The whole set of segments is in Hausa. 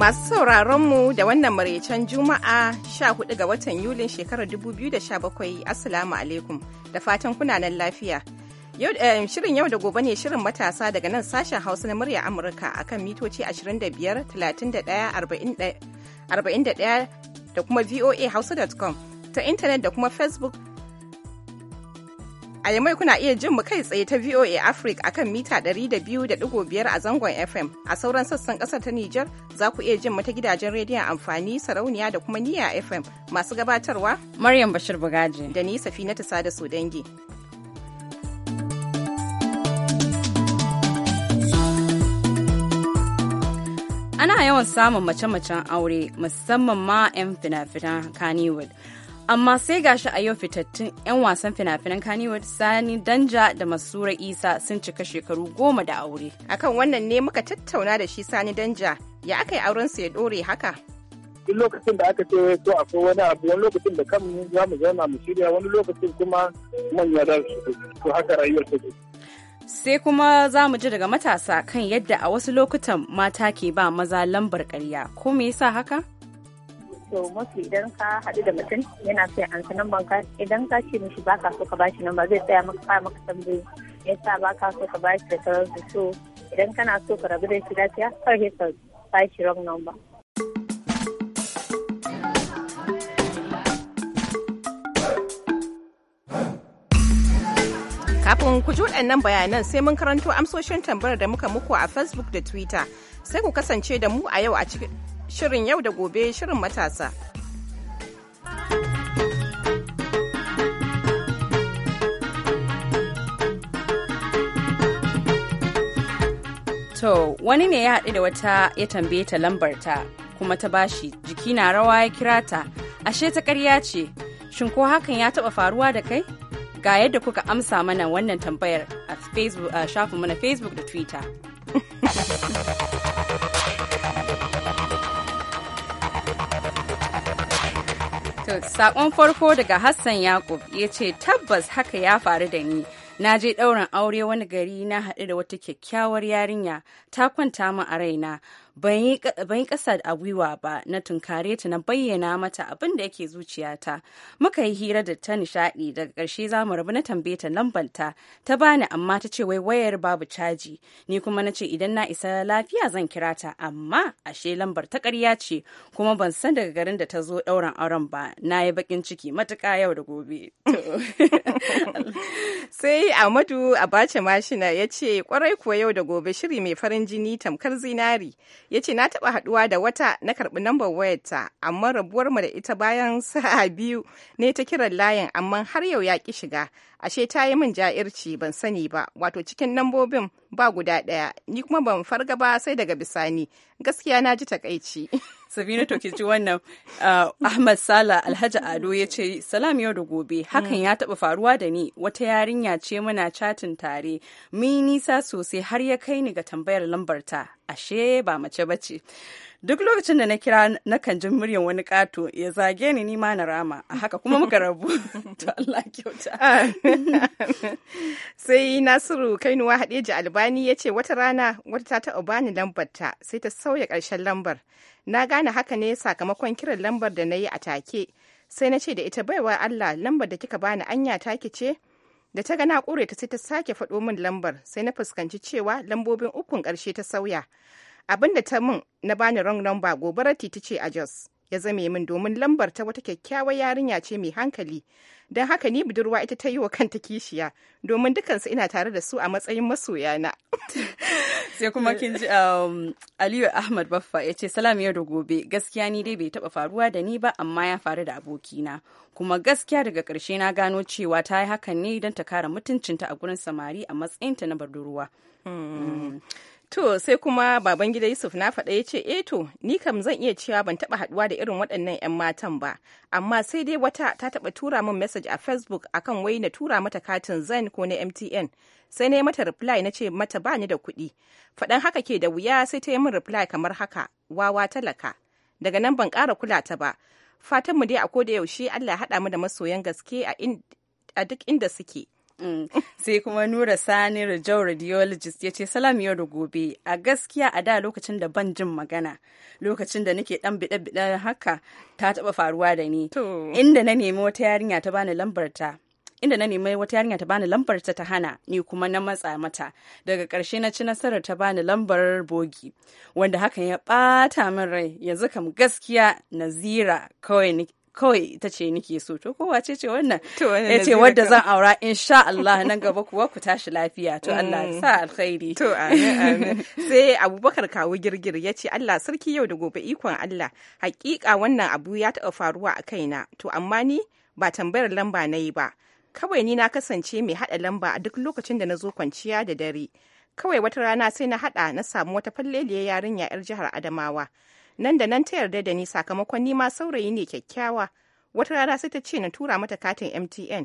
Masu sauraron mu da wannan maraicen Juma'a 14 ga watan Yulin shekarar 2017 Assalamu alaikum da fatan kuna nan lafiya. Eh, shirin yau da gobe ne shirin matasa daga nan sashen Hausa na murya Amurka akan mitoci 25, 31, 41 da kuma voa hausa.com ta intanet da kuma Facebook A Yamai kuna iya jin mu kai tsaye ta VOA Africa akan mita 200.5 a zangon FM. A sauran sassan kasar ta Nijar za ku iya jin mu ta gidajen rediyon amfani sarauniya da kuma niya FM masu gabatarwa. Maryam Bashir Bugaji. Da ni Safina sada su dange. Ana yawan samun mace-macen aure musamman ma 'yan fina-finan Kannywood. amma sai gashi a yau fitattun 'yan wasan fina-finan Kannywood Sani Danja da Masura Isa sun cika shekaru goma da aure. Akan wannan ne muka tattauna da shi Sani Danja ya aka yi auren su ya dore haka. Duk lokacin da aka ce to akwai wani abu wani lokacin da kan za mu zama mu shirya wani lokacin kuma manya da su haka rayuwar ta Sai kuma za mu ji daga matasa kan yadda a wasu lokutan mata ke ba maza lambar ƙarya ko me yasa haka? to mafi idan ka haɗu da mutum yana sai an sanan banka idan ka ce mishi baka so ka bashi nan zai tsaya maka fara maka tambayi ya sa baka so ka bashi da sauransu so idan kana so ka rabu da shi lafiya kar sa bashi wrong number Kafin ku ji waɗannan bayanan sai mun karanto amsoshin tambayar da muka muku a Facebook da Twitter. Sai ku kasance da mu a yau a cikin shirin yau da gobe shirin matasa. To, wani ne ya haɗu da wata ya tambaye ta lambarta kuma ta bashi jiki na rawa ya kira ta, ashe ta ƙarya ce, shin ko hakan ya taɓa faruwa da kai? Ga yadda kuka amsa mana wannan tambayar a shafinmu na Facebook da Twitter. Saƙon sakon farko daga Hassan Yakub ya ce tabbas haka ya faru da ni. na je ɗaurin aure wani gari na haɗu da wata kyakkyawar yarinya ta kwanta min a raina ban yi ƙasa a gwiwa ba na tunkare ta na bayyana mata abin da yake zuciyata muka yi hira da ta nishaɗi daga ƙarshe za mu rabu na tambaye ta lambanta ta bani amma ta ce wai wayar babu caji ni kuma na ce idan na isa lafiya zan kira ta amma ashe lambar ta ƙarya ce kuma ban san daga garin da ta zo ɗauran auren ba na yi baƙin ciki matuƙa yau da gobe sai Alhaji Ahmadu Abacha Mashina ya ce kwarai kuwa yau da gobe shiri mai farin jini tamkar zinari ya ce na taɓa haɗuwa da wata na karɓi lambar wayarta amma rabuwar mu da ita bayan sa'a biyu ne ta kiran layin amma har yau ya ki shiga ashe ta yi min ja'irci ban sani ba wato cikin lambobin ba guda ɗaya ni kuma ban farga ba sai daga bisani gaskiya na ji takaici. Sabina to ji wannan uh, Ahmad Sala Alhaji Ado ya ce salam yau da gobe hmm. hakan ya taɓa faruwa da ni wata yarinya ce muna chatin tare mun nisa sosai har ya kai ni ga tambayar lambarta ashe ba mace bace. duk lokacin da na kira nakan jin muryan wani kato ya zage ni nima na rama a haka kuma muka rabu to Allah kyauta sai Nasiru Kainuwa Hadeji Albani ya ce wata rana wata ta taɓa bani lambar ta sai ta sauya ƙarshen lambar na gane haka ne sakamakon kiran lambar da na yi a take sai na ce da ita baiwa Allah lambar da kika bani anya take ce da ta ga na ƙure ta sai ta sake faɗo min lambar sai na fuskanci cewa lambobin ukun ƙarshe ta sauya abin da ta mun na bani wrong number gobarar titi ce a jos ya zame min domin lambar ta wata kyakkyawar yarinya ce mai hankali don haka ni budurwa ita ta yi wa kanta kishiya domin dukansu ina tare da su a matsayin masoyana sai kuma kin ji um, aliyu ahmad baffa ya ce salam yau da gobe gaskiya ni dai bai taba faruwa da ni ba amma ya faru da abokina kuma gaskiya daga karshe na gano cewa ta yi hakan ne don ta kara mutuncinta a gurin samari a matsayinta na budurwa hmm. Hmm. To sai kuma babangida Yusuf na faɗa ya ce, "E to, ni kam zan iya cewa ban taɓa haɗuwa da irin waɗannan 'yan matan ba, amma sai dai wata ta taɓa tura min message a Facebook akan wai na tura mata katin zan ko na MTN. Sai na yi mata reply na ce mata ba ni da kuɗi. Faɗan haka ke da wuya sai ta yi min reply kamar haka, wawa talaka. Daga nan ban ƙara kula ta ba. fatanmu dai a ko da yaushe Allah ya haɗa mu da masoyan gaske a duk inda suke. Mm. sai kuma nura sani rajau radiologist ya ce salam yau da gobe a gaskiya a da lokacin da ban jin magana lokacin da nake dan bide bide haka ta taba faruwa da ni inda na nemi wata yarinya ta bani lambarta ta inda na nemi wata yarinya ta bani lambarta ta hana ni kuma na matsa mata daga karshe na ci nasarar ta bani lambar bogi wanda hakan ya bata min rai yanzu kam gaskiya nazira kawai kawai ita ce nike so to kowa ce ce wannan ya ce wadda zan aura insha Allah nan gaba kuwa ku tashi lafiya to Allah mm. sa alkhairi to amin sai Abubakar kawo girgir ya ce Allah sarki yau da gobe ikon Allah hakika wannan abu ya taɓa faruwa a kaina to amma ni ba tambayar lamba na yi ba kawai ni na kasance mai haɗa lamba a duk lokacin da na zo kwanciya da dare kawai wata rana sai na haɗa na samu wata falleliyar yarinya 'yar jihar Adamawa nan da nan ta yarda da ni sakamakon nima saurayi ne kyakkyawa wata rana sai ta ce na tura mata katin mtn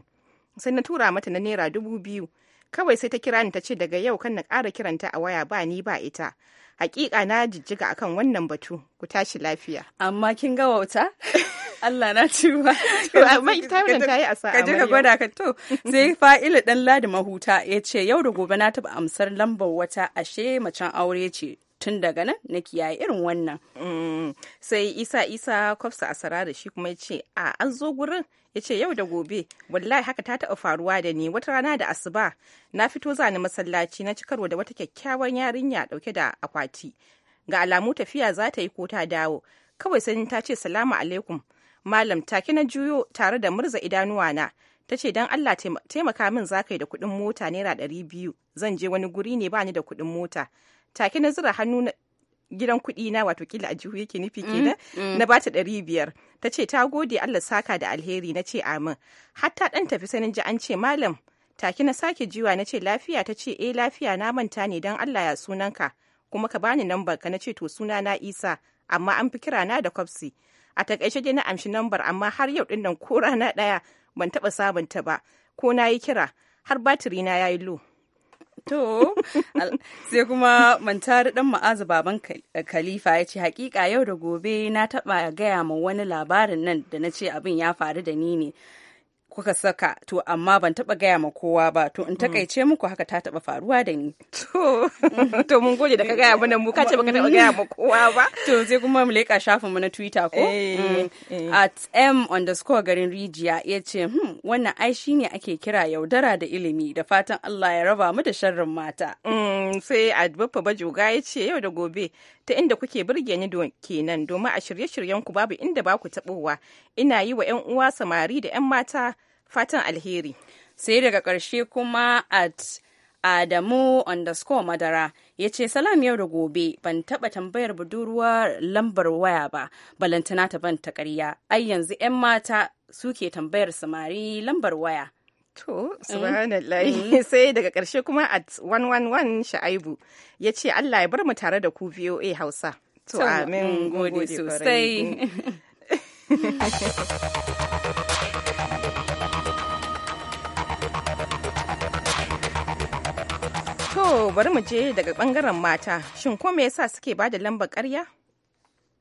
sai na tura mata na naira dubu biyu kawai sai ta kira ni ta ce daga yau kan na ƙara kiranta a waya ba ni ba ita hakika na jijjiga akan wannan batu ku tashi lafiya amma kin ga wauta Allah na ci ba amma ita wannan tayi a ka je ka gwada ka to sai fa'ila dan ladi mahuta ya ce yau da gobe na taba amsar lambar wata ashe macen aure ce tun daga nan na kiyaye irin wannan mm. sai isa isa kwafsa asara da shi kuma ya ce a an zo gurin ya ce yau da gobe wallahi haka ta taɓa faruwa da ni wata rana da asuba na fito zani masallaci na cikarwa da wata kyakkyawan yarinya ɗauke da akwati ga alamu tafiya za ta yi ko ta dawo kawai sai ta ce salamu alaikum malam take na juyo tare da murza idanuwa na ta ce don allah taimaka min za ka yi da kuɗin mota naira ɗari biyu zan je wani guri ne bani da kuɗin mota take na zura hannu gidan kuɗi na wato kila a jihu yake nufi mm, ke mm. na bata ɗari biyar ta ce ta gode Allah saka da alheri na ce amin hatta ɗan tafi sanin ji an ce malam take na sake jiwa na ce lafiya ta ce eh lafiya na manta ne don Allah ya sunanka kuma ka bani nambar ka na ce to suna na Isa amma an fi kira na da kwabsi a takaice dai na amshi nambar amma har yau din nan ko rana ɗaya ban taɓa sabunta ba ko na yi kira har batiri na ya yi low To, sai kuma mantari dan ma'aza baban kalifa ya ce hakika yau da gobe na taba gaya ma wani labarin nan da na ce abin ya faru da ni ne. kuka saka to amma ban taba gaya ma kowa ba to in mm. takaice muku haka ta taba faruwa da ni to mun gode da ka gaya mana mu kace baka taba gaya ma kowa ba to sai kuma mu leka shafin mu na twitter ko eh, mm. eh. at m underscore garin rijiya ya ce hmm wannan ai shine ake kira yaudara da ilimi da fatan Allah ya raba mu da sharrin mata mm, sai a bajo ga ya ce yau da gobe ta inda kuke burge ni kenan domin a shirye-shiryenku babu inda ba ku taɓowa ina yi wa 'yan uwa samari da 'yan mata fatan alheri sai daga karshe kuma at Adamu underscore madara ya ce salam yau da gobe ban taba tambayar budurwar lambar waya ba balantana ta ban ta ƙarya ai yanzu 'yan mata suke tambayar samari lambar waya To, eh? subhanallah eh? sai daga ƙarshe kuma at 111 Sha'aibu ya ce Allah ya bar mu tare da ku VOA Hausa. To, amin mm, gode sosai. Mm. To, bari mu je daga ɓangaren mata, shin ko me yasa suke ba da lambar ƙarya?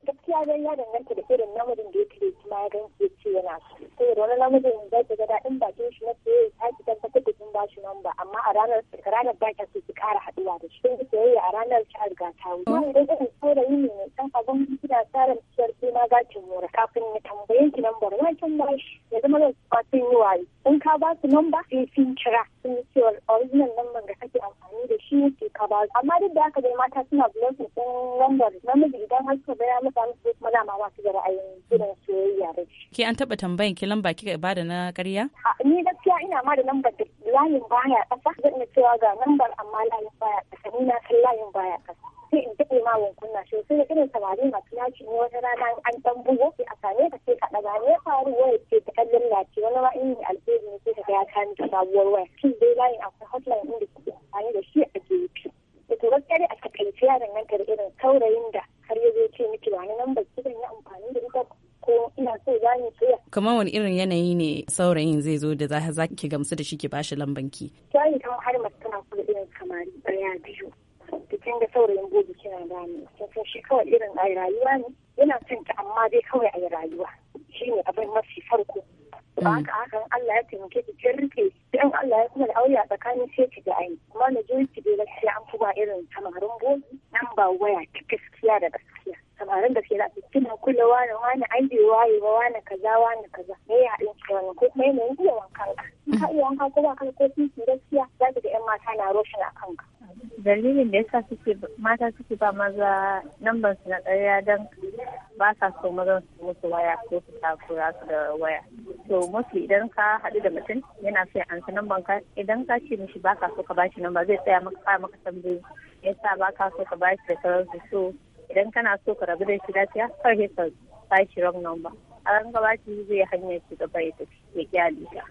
gaskiya dai ya danganta da irin namijin da yake kuma ya gan ke ce yana so saboda wani namijin zai ta ga daɗin bakin shi na soyayya ta ki tabbatar da kin bashi namba amma a ranar ranar ba ki ki ƙara haɗuwa da shi sai soyayya a ranar ki riga ta wuce amma idan irin saurayi ne mai ɗan abin kina tsarin ciyar kuma ma za ki mora kafin ya tambaye ki nambar ma kin bashi ya zama da ba sun yi in ka ba su namba sai sun kira sun yi cewa original namban da kake amfani da shi ne ka ba amma duk da haka dai mata suna blessing ɗin lambar namiji idan har suka gaya mutane su kuma dama masu da ra'ayin irin soyayya da Ki Ke an taba tambayan ki lamba kika bada na ƙarya? Ni gaskiya ina ma da lambar da layin baya kasa. zan iya cewa ga lambar amma layin baya ƙasa ni na kan layin baya kasa. sai in daɗe ma wankunna shi sai da irin samari masu yaki. ne wata rana an ɗan bugo sai a same ka sai ka ɗaga ne ya faru waya ce ta kallon lafi wani ma in yi alheri ne sai ka ga ya kani ta sabuwar waya. Shi dai layin akwai hotline inda kike amfani da shi a gefe. Da to gaskiya dai a takaice yaran nan da irin saurayin da har ya ce miki ba ni nan ba ki zan yi amfani da ita ko ina so za ni tsaya. Kamar wani irin yanayi ne saurayin zai zo da za ki gamsu da shi ki bashi lamban ki. Ta yi kamar har masu tana kuma irin samari ɗaya biyu. Bikin da saurayin gobe kina gane. Sun shi kawai irin a rayuwa ne. Yana son ta amma dai kawai a rayuwa. Shi ne abin mafi farko. ba mm. haka hakan Allah ya taimake ki kin rike in Allah ya kuma da aure a tsakanin sai ki ga ai kuma na jin ki dai gaskiya an fi ba irin samarin gobe nan ba waya ki tikis gaskiya da gaskiya samarin da ke lafi kina kula wani wani an bai waye ba wani kaza wani kaza me ya haɗin ki wani ko kuma yanayin iya wankan ka ka iya wanka ko ba ka ko titi gaskiya za ka ga yan mata na roshin a kan ka. dalilin da yasa suke mata suke ba maza lambar su na ƙarya don ba sa so mazan su musu waya ko su takura su da waya to mafi idan ka haɗu da mutum yana so ya ansa lambar ka idan ka ce mishi ba ka so ka ba shi lambar zai tsaya maka maka tambayi yasa ba ka so ka ba shi da sauransu so idan kana so ka rabu da shi lafiya kar ka ba shi wrong number a ran gaba shi zai hanyar shi gaba ya tafi ya kyale ka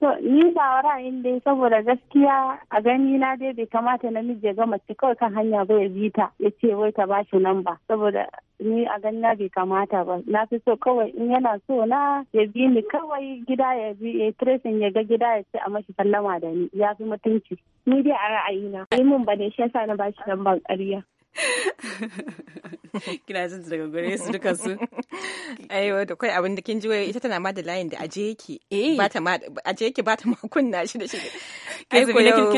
to ni ba ra'ayin dai saboda gaskiya a gani na dai bai kamata namiji ya ga mace kawai kan hanya ba ya bi ta ya ce wai ta bashi namba saboda ni a gani na bai kamata ba na fi so kawai in yana so na ya bi ni kawai gida ya bi ya tracing ya ga gida ya ce a mashi sallama da ni ya fi mutunci ni dai a ra'ayina yi mun ba ne shi yasa na bashi lambar ƙarya kina jin daga gure su duka su aiwa da kai abin da kin ji wai ita tana ma da layin da aje yake eh. ba ta ma aje yake ba ta ma kunna shi da shi ai ko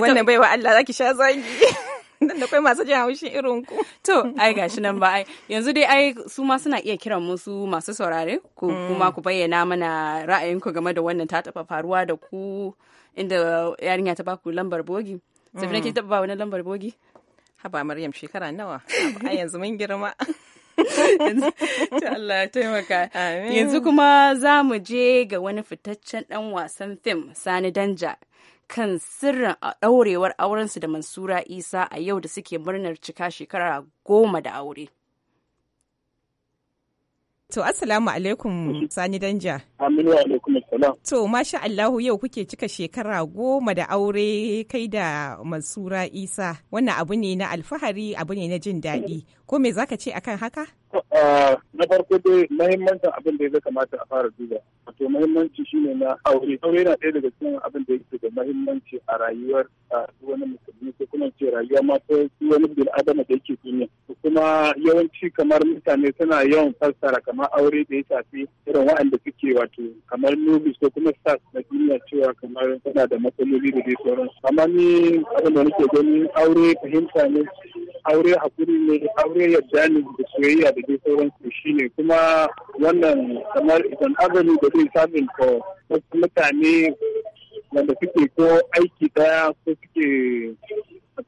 wannan baiwa Allah zaki sha zangi. nan da kai masu jin haushin irin ku. To, ai gashi nan ba ai. Yanzu dai ai su ma suna iya kiran musu masu saurare ku mm. kuma ku bayyana mana ra'ayinku game da wannan ta taɓa faruwa da ku inda yarinya ta baku lambar bogi. Sabi ki mm. taɓa ba wani lambar bogi? haba maryam shekara nawa a yanzu mun girma Allah taimaka. Yanzu kuma za mu je ga wani fitaccen ɗan wasan fim Sani Danja kan sirrin a ɗaurewar aurensu da Mansura Isa a yau da suke murnar cika shekara goma da aure. To assalamu alaikum Sani Danja. Aminu alaikum Salam. To masha Allahu yau kuke cika shekara goma da aure kai da Mansura Isa. Wannan abu ne na alfahari abu ne na jin daɗi. Ko me zaka ce akan haka? Eh, na farko dai mahimmancin abin da ya kamata a fara duba wato mahimmanci shine na aure aure na ɗaya daga cikin abin da yake da mahimmanci a rayuwar wani musulmi ko kuma ce rayuwa ma ta wani bil adama da yake duniya kuma yawanci kamar mutane suna yawan fassara kamar aure da ya shafi irin waɗanda suke wato kamar nobis ko kuma stars na duniya cewa kamar suna da matsaloli da dai sauransu amma ni abin da nake gani aure fahimta ne aure hakuri ne aure yadda ne da soyayya da dai sauransu ne kuma wannan kamar idan azumi da zai samun ko wasu mutane wanda suke ko aiki daya ko suke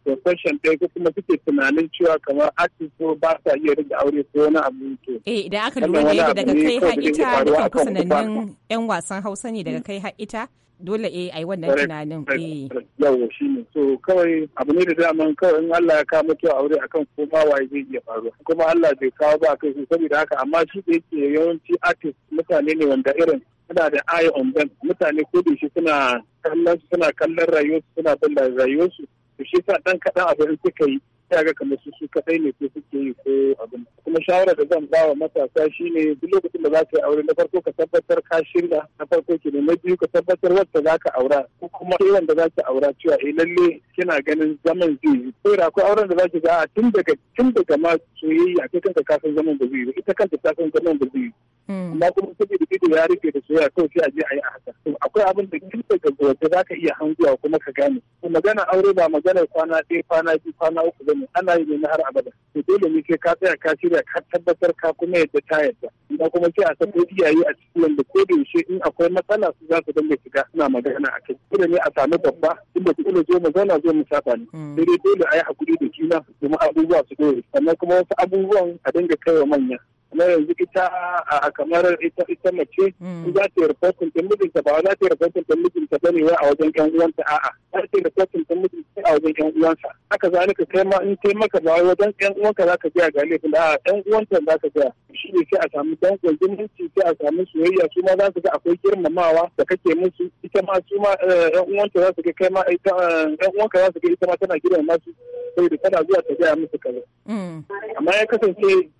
profession ɗaya ko kuma suke tunanin cewa kamar artist ko ba sa iya rage aure ko wani abu ke. Eh idan aka lura da yadda daga kai har ita dukan kusanannin 'yan wasan Hausa ne daga kai har ita dole eh ai wannan tunanin eh yawo shine so kawai abu ne da zaman kawai in Allah ya kawo mutu aure akan ba waye zai iya faru kuma Allah bai kawo ba kai saboda haka amma shi da yake yawanci artist mutane ne wanda irin suna da eye on them mutane ko da shi suna kallon suna kallon rayuwar suna bin rayuwar su shi sa dan kaɗan abin suka yi sai ga kamar su su kafai ne ko suke yi ko abin kuma shawara da zan ba wa matasa shine duk lokacin da za ka yi aure na farko ka tabbatar ka shirya na farko ke na biyu ka tabbatar wacce za ka aura ko kuma ke da za ka aura cewa eh lalle kina ganin zaman zai yi ko da akwai auren da za ki ga a ah, tun daga tun daga ma soyayya kai kanka ka san zaman da zai yi ita kanta ta san zaman ba zai yi hmm. amma kuma saboda ido ya rike da soyayya kawai sai a je a yi a haka akwai abin da kin daga gobe za ka iya hanguwa kuma ka gane magana aure ba magana kwana ɗaya kwana biyu kwana uku ba ana yi ne har abada to dole ne sai ka tsaya ka shirya ka tabbatar ka kuma yadda ta yadda ina kuma sai a sako iyaye a cikin wanda ko da yaushe in akwai matsala su za su dinga shiga suna magana a kai dole ne a sami babba inda su ina zo mu zauna zo mu saba ne hmm. sai dai dole a yi hakuri da juna domin abubuwa su dole sannan kuma wasu abubuwan a dinga kai wa manya kamar yanzu ita a kamar ita ita mace mm. in za ta yi reportin ta mijinta ba za ta yi reportin ta mijinta bane wai a wajen yan uwanta a'a za ta yi reportin ta mijinta a wajen yan uwansa haka zalika kai ma in kai maka ba wajen yan uwanka za ka biya ga laifin da yan ƴan uwanta za ka biya shi ne sai a samu dankon zumunci sai a samu soyayya su ma za su ga akwai girmamawa da kake musu ita ma su ma eh, ƴan uwanta za su ga kai ma ita eh, ƴan uwanka za su ga ita ma tana girmama su da tana zuwa ta biya musu kaza mm. amma ya kasance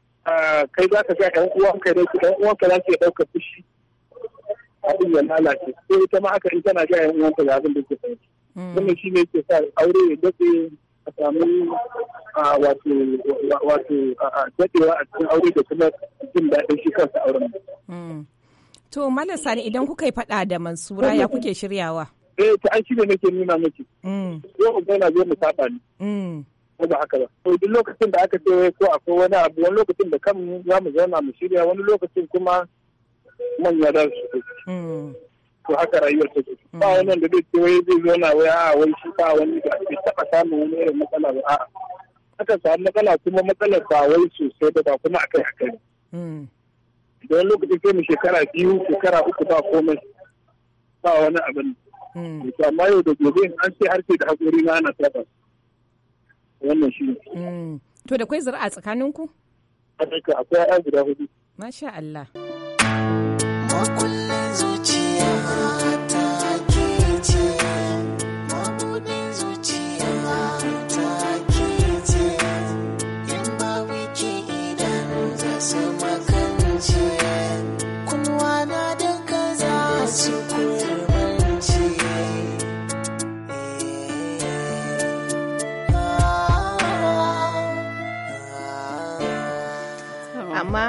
kai za ka ga ɗan uwanka ne ku ɗan ka za ke ɗauka fushi abin ya lalace sai ita ma aka in tana ga ɗan ka ga abin da ke faru hmm. wannan shi ne ke sa aure ya daɗe a samu wato wato daɗewa a cikin aure da kuma jin daɗin shi kansa auren. Hmm. To Malam Sani idan kuka yi faɗa da Mansura ya kuke shiryawa? Eh ta an shirya nake nuna miki. Hmm. ko in na zo mu saba ni. ko ba haka ba to duk lokacin da aka ce ko akwai wani abu wani lokacin da kan za mu zauna mu shirya wani lokacin kuma manya da su hmm. to haka rayuwar ce. ba wannan da zai ce wai zai zauna wai a wai shi ba wani da ake taba samun wani irin matsala ba a'a aka samu matsala kuma matsalar ba wai sosai ba ba kuma akai akai da wani lokacin sai mu shekara biyu shekara uku ba komai ba wani abin hmm. amma yau da gobe an ce harshe da haƙori na ana tabbas wannan shi ne. Mm. to da kwai zira a tsakaninku A tsakaninku akwai ya'ya guda hudu masha Allah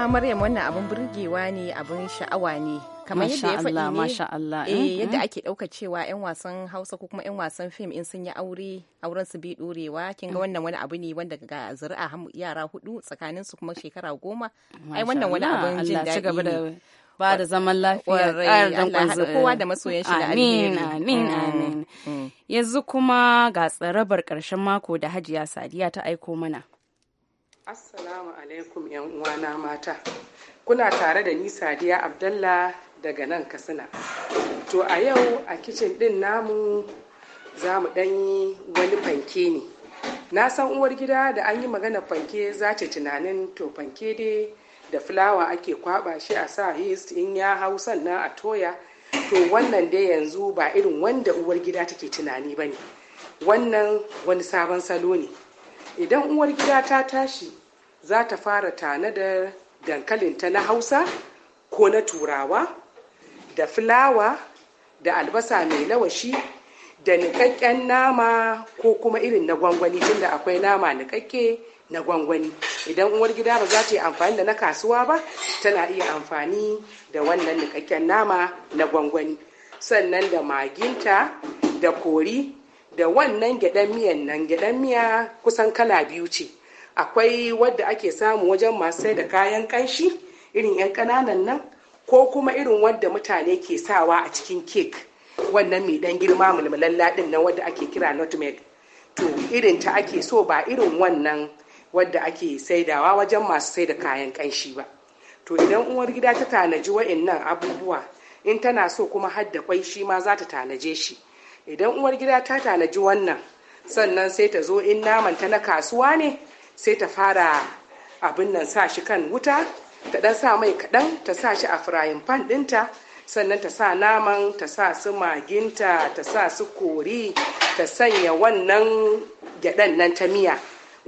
Maryam wannan abin burgewa ne abin sha'awa ne kamar yadda ya faɗi masha Allah eh, eh yadda eh. ake dauka cewa yan wasan Hausa ko kuma yan wasan fim in sun yi aure auren su bi ɗorewa kin ga mm. wannan wani abu ne wanda ga zuri'a yara hudu tsakanin su kuma shekara goma ai wannan wani abin jin daɗi ba da zaman lafiya ƙarar danƙon kowa da masoyan shi da amin amin mm, amin mm. yanzu kuma ga tsarabar ƙarshen mako da hajiya sadiya ta aiko mana Assalamu alaikum yan uwana mata. Kuna tare da ni Sadiya Abdalla daga nan Katsina. To a yau a kicin ɗin namu za mu ɗanyi wani fanke ne. Na san uwar gida da an yi magana fanke za ta tunanin to fanke dai da fulawa ake kwaba shi a sa yeast in ya hau sannan a toya. To wannan dai yanzu ba irin wanda uwar gida take tunani ba ne. Wannan wani sabon salo ne. idan uwar gida ta tashi za ta fara tanadar dankalinta na hausa ko na turawa da fulawa da albasa mai lawashi da nikakken nama ko kuma irin na gwangwani tunda akwai nama nikakke na gwangwani idan uwar gida ba za ta yi amfani da na kasuwa ba tana iya amfani da wannan nikakken nama na gwangwani sannan da maginta da kori da wannan gyaɗan miyan nan gyaɗan miya kusan kala biyu ce akwai wadda ake samu wajen masu sai da kayan kanshi irin 'yan ƙananan nan ko kuma irin wadda mutane ke sawa a cikin kek wannan mai dan girma mulmulan din nan wadda ake kira nutmeg to irin ta ake so ba irin wannan wadda ake saidawa wajen masu sai da kayan kanshi ba to idan uwar gida ta tanaji wa'in nan abubuwa in tana so kuma hadda kwai shi ma za ta tanaje shi idan uwar gida ta tanaji wannan sannan sai ta zo in naman ta na kasuwa ne sai ta fara abin nan sa shi kan wuta ta dan sa mai kaɗan ta sa shi a frying pan ɗinta sannan ta sa naman ta sa su maginta ta sa su kori ta sanya wannan gyaɗan nan ta miya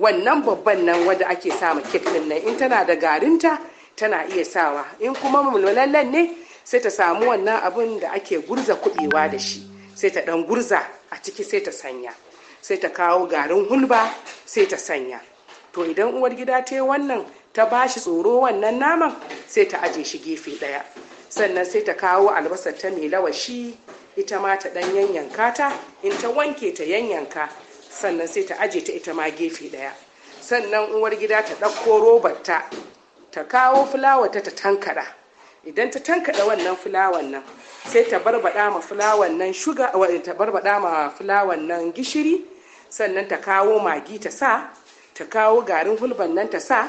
wannan babban nan wanda ake samun kek ɗin nan in tana da garinta tana iya sawa in kuma mulmulallen ne sai ta samu wannan abin da ake gurza kuɓewa da shi sai ta ɗan gurza a ciki sai ta sanya sai ta kawo garin hulba sai ta sanya to idan uwar gida ta yi wannan ta ba shi tsoro wannan naman sai ta aje shi gefe ɗaya sannan sai ta kawo albasar ta mai lawashi ita ma ta ɗan yanyanka ta in ta wanke ta yanyanka sannan sai ta aje ta ita ma gefe ɗaya sannan uwar gida ta ɗauko robar ta ta kawo fulawa ta ta tankara idan ta tankaɗe wannan fulawan nan sai ta barbaɗa ma fulawan nan shuga ta barbaɗa ma fulawan nan gishiri sannan ta kawo magi ta sa ta kawo garin hulban nan ta sa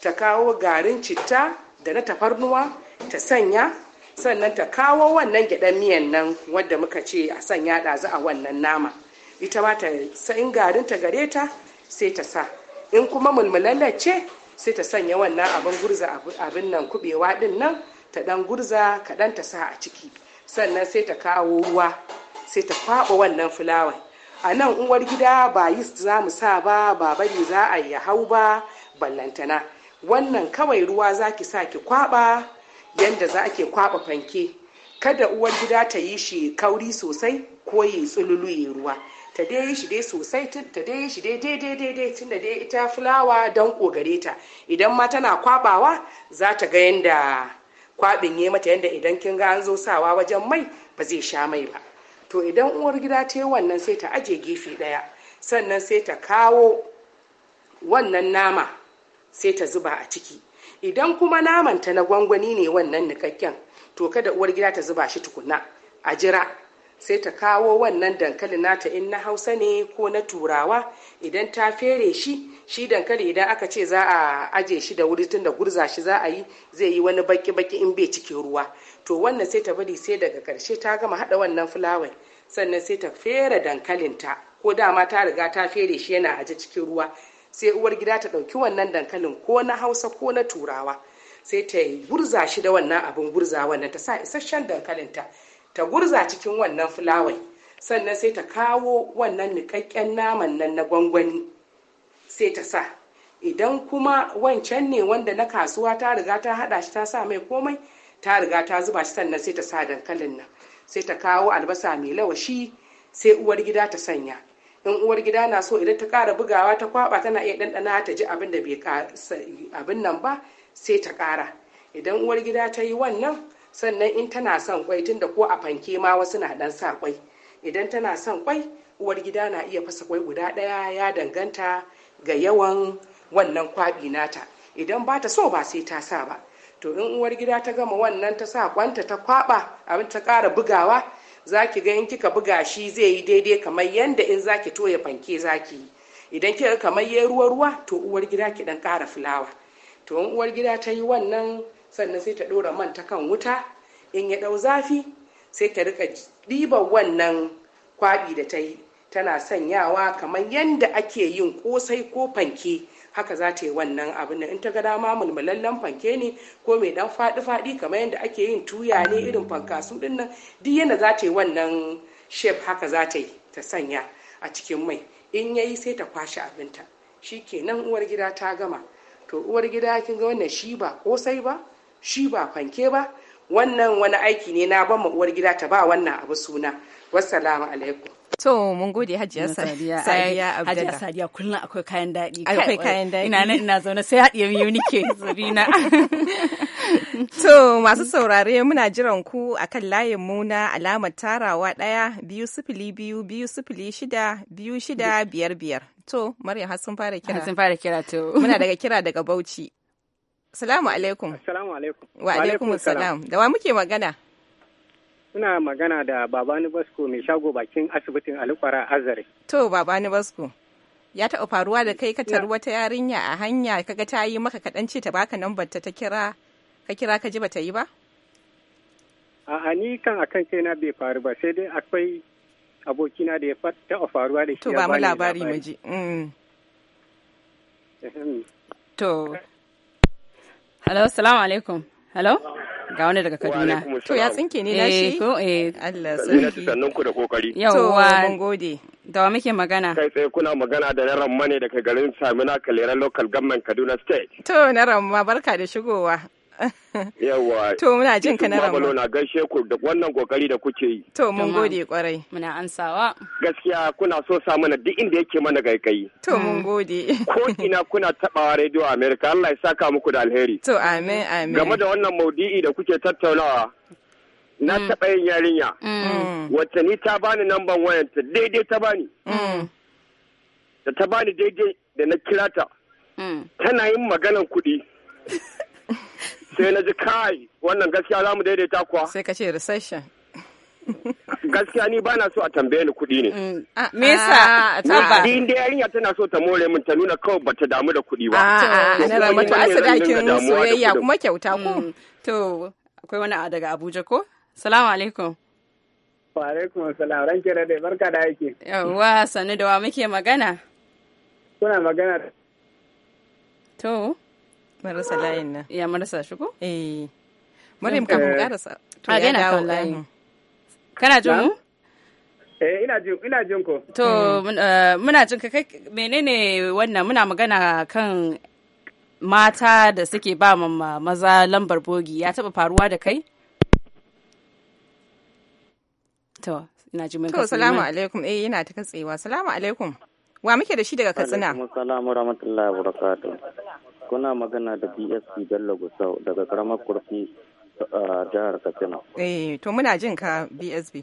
ta kawo garin citta da na tafarnuwa ta sanya sannan ta kawo wannan gyaɗan miyan nan wadda muka ce a sanya ɗazu a wannan nama ita ma ta in garin ta gare ta sai ta sa in kuma mulmulalar ce sai ta sanya wannan abin gurza abin nan kubewa ɗin nan ta ɗan gurza kaɗan ta sa a ciki sannan sai ta kawo ruwa sai ta kwaɓa wannan fulawar a nan uwar gida ba yis za mu sa ba ba bari za a yi hau ba ballantana wannan kawai ruwa za ki sa ki kwaɓa yadda za ke kwaɓa fanke kada uwar gida ta yi shi kauri sosai ko yi yi ruwa ta dai yi shi dai sosai ta dai yi shi dai dai tun da dai ita fulawa don kogare ta idan ma tana kwabawa za ta ga yadda Kwaɓin ya mata yadda idan kin ga an zo sawa wajen mai ba zai sha mai ba to idan uwar gida ta yi wannan sai ta aje gefe ɗaya sannan sai ta kawo wannan nama sai ta zuba a ciki idan kuma naman ta na gwangwani ne wannan nikakken to kada uwar gida ta zuba shi tukuna a jira sai ta kawo wannan dankali nata in na hausa ne ko na turawa idan ta fere shi shi dankali idan aka ce za a aje shi da wuri tunda gurza shi za a yi zai yi wani baki-baki in bai cikin ruwa to wannan sai ta bari sai daga karshe ta gama hada wannan fulawai sannan sai ta fere dankalinta ko dama ta riga ta fere shi yana aje cikin ruwa sai uwar gida ta ɗauki wannan dankalin ko na hausa ko na turawa sai ta yi gurza shi da wannan abin gurza wannan ta sa isasshen dankalinta ta gurza cikin wannan fulawai sannan sai ta kawo wannan niƙaƙƙen naman nan na gwangwani sai ta sa idan kuma wancan ne wanda na kasuwa ta riga ta haɗa shi ta sa mai komai ta riga ta zuba shi sannan sai ta sa dankalin nan sai ta kawo albasa mai lawashi sai uwar gida ta sanya in uwar gida na so idan ta ƙara bugawa ta kwaba tana iya ɗanɗana ta ji abin da bai abin nan ba sai ta ƙara idan uwar gida ta yi wannan sannan in tana son kwai tun da ko a fanke ma wasu na dan sa kwai idan tana son kwai uwar gida na iya fasa kwai guda daya ya danganta ga yawan wannan kwabi nata idan ba ta so ba sai ta sa ba to in uwar gida ta gama wannan ta sa kwanta ta kwaba abin ta kara bugawa zaki ga in kika buga shi zai yi daidai kamar yadda in zaki toya fanke zaki yi idan kika kamar yayi ruwa ruwa to uwar gida ki dan kara fulawa to in uwar gida ta yi wannan sannan sai ta ɗora man ta kan wuta in ya ɗau zafi sai ta rika ɗiban wannan kwaɓi da ta yi tana sanyawa kamar yadda ake yin kosai ko fanke haka za ta yi wannan abin in ta ga dama mulmulallen fanke ne ko mai dan faɗi faɗi kamar yadda ake yin tuya ne irin fankasu ɗinnan nan duk yadda za ta yi wannan shef haka za ta yi ta sanya a cikin mai in ya yi sai ta kwashe abinta shi kenan uwar gida ta gama to uwar gida kin ga wannan shi ba kosai ba shi ba fanke ba wannan wani aiki ne na ban uwar gida ta ba wannan abu suna wassalamu alaikum To mun gode Hajiya Sadiya Abdalla. Hajiya Sadiya kullum akwai kayan daɗi. Akwai kayan dadi Ina nan ina zaune sai haɗiye miyu nike zubina To masu saurare muna jiran ku akan layin mu na alamar tarawa ɗaya biyu sifili biyu biyu sifili shida biyu shida biyar biyar. To Maryam har sun fara kira. hasun sun fara kira to. Muna daga kira daga Bauchi. Salamu alaikum. Salamu alaikum. Wa alaikum salam. Da wa muke magana? Suna magana da Babani Basko mai shago bakin asibitin Alukwara Azare. To Babani Basko. Ya taɓa faruwa da kai ka wata yarinya a hanya kaga ta yi maka kaɗan ce ta baka nambar ta kira ka kira ka ji bata yi ba? A'a ni kan akan kai na bai faru ba sai dai akwai abokina da ya taɓa faruwa da shi. To ba mu labari mu ji. Mm. To. Hello, salamu alaikum. Hello? Ga wani daga Kaduna. To ya tsinke ne eh, na shi? ko eh. Allah sarki. Sannan ku da kokari. Yawwa. mun gode. Da wa muke magana? Kai tsaye kuna magana da Naramma ne daga garin Samina Kalera Local Government Kaduna State. To Naramma barka da shigowa. Yawa. To muna jin ka na Rambo. na gaishe ku da wannan kokari da kuke yi. To mun gode kwarai. Muna ansawa. Gaskiya kuna so sa mana duk inda yake mana gaikai. To mun mm. gode. Ko ina kuna tabawa Radio America Allah ya saka muku da alheri. To amin amin. Game da wannan maudi'i da kuke tattaunawa. Na mm. taɓa yin yarinya. Mm. Wacce ni ta bani namban wayanta daidai ta bani. Da ta bani daidai da na kirata. Tana yin maganan kuɗi. sai na ji kai wannan gaskiya za mu daidaita kuwa sai ka ce recession gaskiya ni bana so a tambaye ni kuɗi ne. Mm, me yasa ah, tabba? Ni da yarinya tana so ta more min ta nuna kawai bata damu da kuɗi ba. A'a, ah, ah, na rama ta dakin soyayya kuma kyauta ko? Mm. To, akwai wani a daga Abuja ko? Salamu alaikum. Wa alaikum salam, ran kira dai barka da aiki. Yawwa, sannu da wa muke magana? Kuna magana. To. marasa layin nan ya marasa shi ko eh Maryam kafin karasa to ah, ya dawo layin kana jin mu Eh ina jin ina jin ko to mm. eh, muna jin ka kai menene wannan muna magana kan mata da suke ba maza lambar bogi ya taba faruwa da kai to ina ji mun to salamu alaikum eh ina ta katsewa salamu alaikum Wa muke da shi daga Katsina? Assalamu rahmatullahi wa barakatuh. Kuna magana da BSP Bello Gusau daga karamar kurfi a jihar Katsina. Eh, to muna jin ka BSP.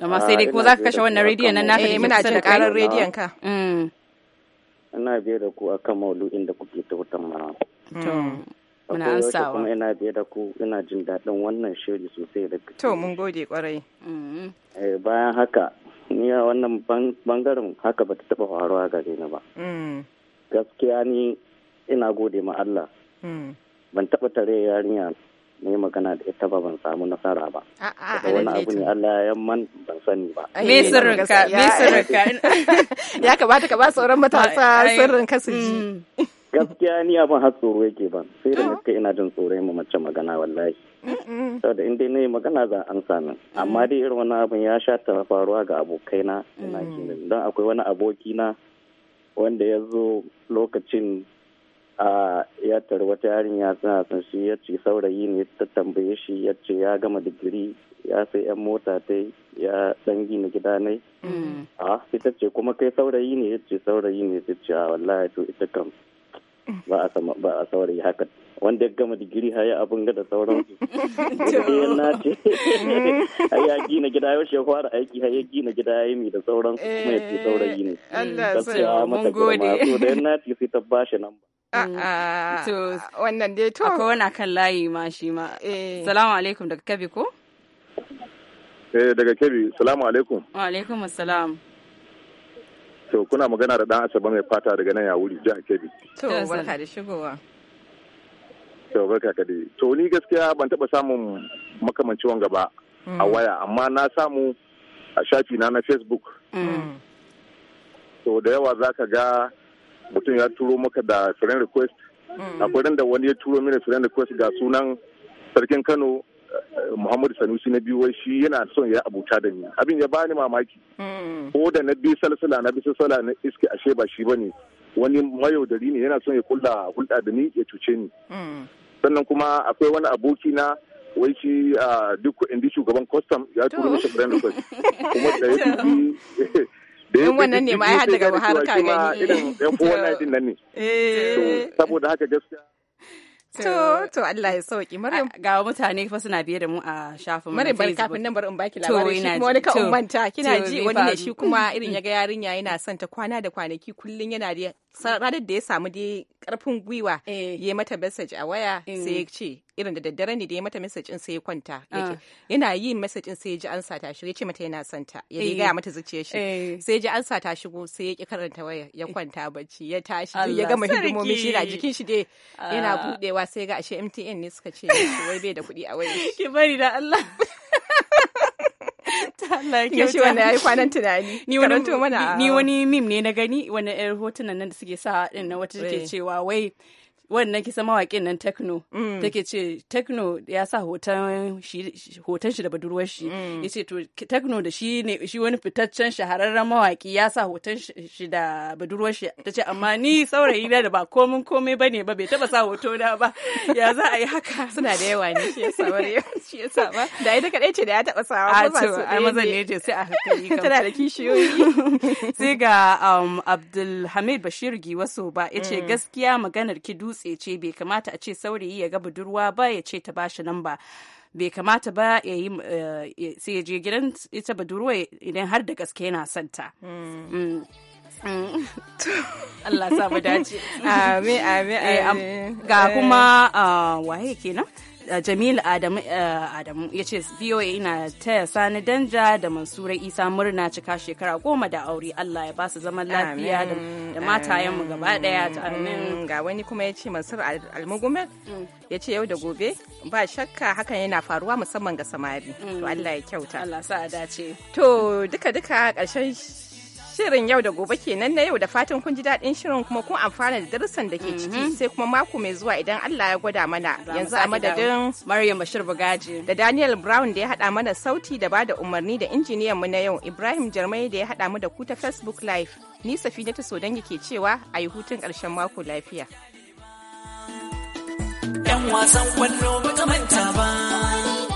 Amma sai dai ko za ka kashe wannan rediyon nan naka ne eh, muna jin karar rediyon ka. Mm. Ina biye da ku akan maulu'in da kuke tautan mara. Mm. muna ansawa kuma ina biye da ku ina jin daɗin wannan shiri sosai da to mun gode kwarai mm. eh, bayan haka ni a wannan bangaren haka ba ta taba faruwa gare ni ba mm. gaskiya ni ina gode ma Allah mm. ban taba tare yarinya ne magana da ita ba ban samu nasara ba a wani abu ne Allah ya man ban sani ba me sirrinka me sirrinka ya kamata ka ba sauran matasa sirrin ka ji mm. gaskiya ni abin har tsoro yake ban sai da gaske ina jin tsoro mu mace magana wallahi saboda in dai nayi magana za an sami amma mm. dai irin wani abin ya sha ta faruwa ga abokaina ina mm. kinin don akwai wani aboki na wanda ya zo lokacin a ya tari wata yarinya suna son shi ya ce saurayi ne ta tambaye shi ya ce ya gama digiri ya sai yan mota ta ya dan gina gida ne a ita ce kuma kai saurayi ne ya ce saurayi ne ta ce a ah, wallahi to ita kam ba a saurayi haka wanda ya gama digiri ya abin gada sauran su da nace ce ya gina gida ya shi fara aiki ha ya gina gida ya yi mi da sauran su kuma ya ce eh, saurayi ne Allah mata mun gode da na ce sai ta bashi nan ah, mm. ah, to wannan dai to akwai wani kan layi ma shi ma eh. salamu alaikum daga kabi ko eh daga kabi salamu alaikum wa alaikum assalam To kuna magana da ɗan Asabe mai fata daga nan ya wuri jihar Kebbi. To barka da shigowa. To barka ka dai. To ni gaskiya ban taɓa samun makamanci wanga ba a mm. waya amma na samu a shafi na na Facebook. Mm. To da yawa za ka ga mutum ya turo maka da friend request. Mm. Akwai da wani ya turo mini friend request ga sunan sarkin Kano Muhammadu Sanusi na biyu wai shi yana son ya abuta da ni abin ya bani mamaki hmm. ko da na bi salsala na bi salsala na iske ashe ba shi bane wani mayaudari ne yana son ya kulla hulɗa da ni ya cuce ni hmm. sannan kuma akwai wani aboki na wai shi duk indi shugaban custom ya turo mishi friend request kuma da ya dubi da ya wannan ne ma ya daga har ka gani irin ɗan kowa na din nan ne eh. saboda haka gaskiya To, to Allah ya sauki. Maryam. Ga mutane fa suna biye da mu a shafin mu. Maryam kafin nan bari in baki labarin shi kuma wani ka ummanta kina ji wani ne shi kuma irin ya ga yarinya yana son ta kwana da kwanaki kullun yana da ranar da ya samu dai karfin gwiwa eh. ya mata message a waya eh. sai ya ce irin da daddare ne da ya mata message in sai ya kwanta yana ah. yi message in sai ya ji an sa ta shigo ya ce mata yana son ta ya riga eh. mata zuciya shi sai ya ji an sa ta shigo sai ya ki karanta waya ya kwanta bacci ya tashi ya gama hidimomi shi na jikin shi dai yana ah. budewa sai ga ashe MTN ne suka ce wai bai da kuɗi a waya ki bari da Allah Allah ya shi wanda yayi kwanan tunani ni wani mana ni wani meme ne na gani wani hotunan nan da suke sa din na wata take eh. cewa wai wannan kisa mawaƙin nan tekno mm. take ce tekno ya sa hoton shi da budurwar shi mm. ya ce to tekno da shi ne shi wani fitaccen shahararren mawaƙi ya sa hoton shi da budurwar shi ta ce amma ni saurayi na da ba komin komai bane ba bai taba sa hoto na ba ya za a yi haka suna da yawa ne shi yasa bari shi yasa ba da ita kadai ce da ya taba sawa ba su a mazan ne ce sai a hakuri tana da kishiyoyi sai ga um, Abdulhamid Bashir Giwaso ba ya ce mm. gaskiya maganar ki dutse ce bai kamata a ce saurayi ya ga budurwa ba ya ce ta bashi lamba bai kamata ba ya yi eh, sai ya je gidan ita budurwa idan har da gaske yana santa. Hmm. Mm. Allah sa mu dace. Amin amin eh, amin. Ga kuma eh. ah, waye kenan? Uh, Jamil Adamu uh, Adamu ya ce VOA ina taya Sani Danja da Mansura Isa murna cika shekara goma da aure Allah ya ba su zaman lafiya da matayenmu gaba daya mm, ga wani kuma ya ce Mansur Almugumel mm. ya ce yau da gobe ba shakka hakan yana faruwa musamman ga samari to mm. Allah ya kyauta Allah sa a dace to duka duka ƙarshen Shirin yau da gobe kenan na yau da fatan kun ji daɗin shirin kuma kun amfana da darussan da ke mhm. ciki sai kuma mako mai zuwa idan Allah ya gwada mana yanzu a madadin Maryam Bashir Bugaji da Daniel Brown da ya haɗa mana sauti da bada umarni da injiniyan mu na yau Ibrahim Jarmai da ya haɗa mu da ku ta Facebook Live ni Safinatu Sodangi ke cewa a yi hutun karshen mako lafiya. Yan wasan kwallo ba ta manta ba.